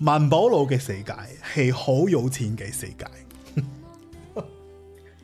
萬寶路嘅世界係好有錢嘅世界。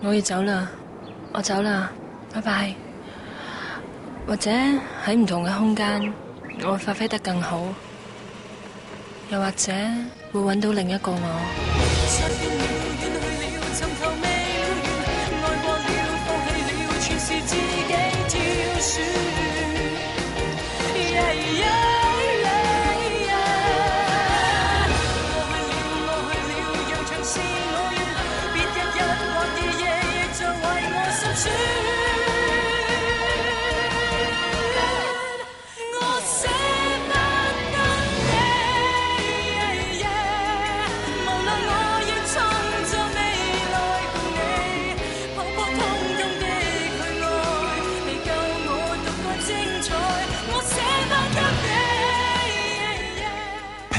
我要走啦，我走啦，拜拜。或者喺唔同嘅空間，我會發揮得更好，又或者會揾到另一個我。